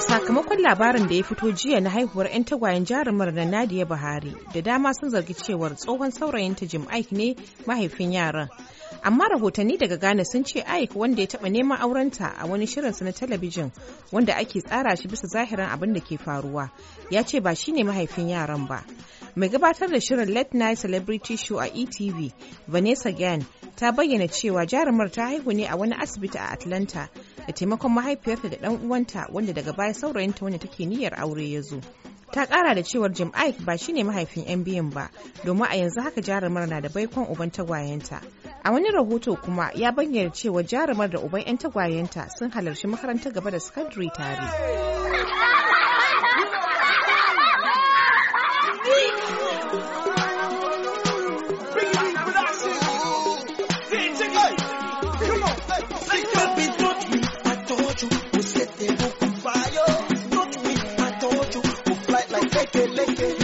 sakamakon labarin da ya fito jiya na haihuwar 'yan tagwayen jarumar na Nadiya Buhari da dama sun zargi cewar tsohon saurayinta Jim Aik ne mahaifin yaran. Amma rahotanni daga Ghana sun ce Aik wanda ya taɓa neman aurenta a wani shirinsa na talabijin wanda ake tsara shi bisa zahirin abin da ke faruwa ya ce ba shine mahaifin yaran ba. Mai gabatar da shirin Late Night Celebrity Show a ETV, Vanessa Gann ta bayyana cewa jarumar ta haihu ne a wani asibiti a atlanta da taimakon mahaifiyarta da dan uwanta wanda daga baya saurayinta wanda take niyyar aure ya zo ta kara da cewar jim ike ba shine mahaifin yan biyun ba domin a yanzu haka jarumar na da baikon uban tagwayenta a wani rahoto kuma ya bayyana cewa jarumar da uban yan tagwayenta sun halarci makarantar gaba da sakandare tare Take it, take it.